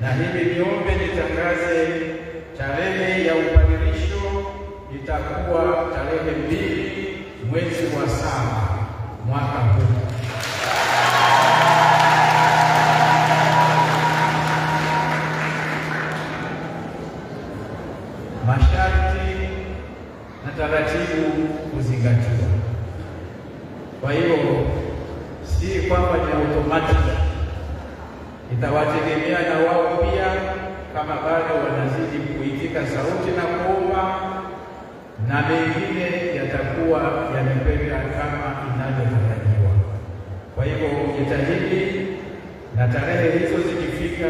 Na hivi niombe nitangaze tarehe ya ubadilisho itakuwa tarehe mbili mwezi wa saba mwaka huu. Masharti na taratibu kuzingatiwa. Kwa hiyo si kwamba ni automatic, itawategemea kama bado wanazidi kuitika sauti na kuomba, na mengine yatakuwa yamekwenda kama inavyotarajiwa. Kwa hivyo jitahidi, na tarehe hizo zikifika,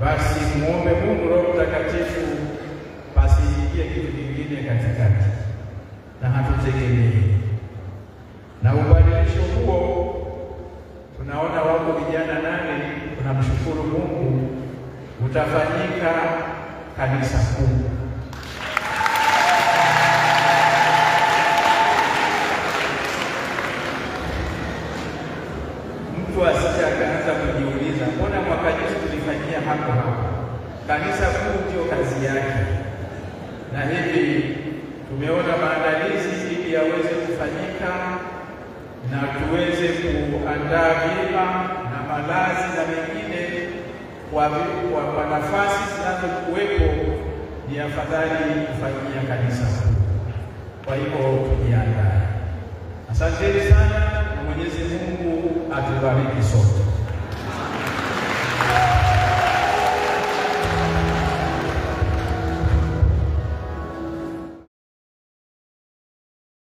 basi muombe Mungu Roho Mtakatifu, pasiingie kitu kingine katikati, na hatutegemei utafanyika kanisa kuu. Mtu asije akaanza kujiuliza, mbona mwaka juzi tulifanyia hapo hapo? Kanisa kuu ndio kazi yake, na hivi tumeona maandalizi ili yaweze kufanyika na tuweze kuandaa vyema kwa, kwa, kwa nafasi zinazokuwepo ni afadhali kufanyia kanisa. Kwa hivyo tujiandae. Asanteni sana na Mwenyezi Mungu atubariki sote.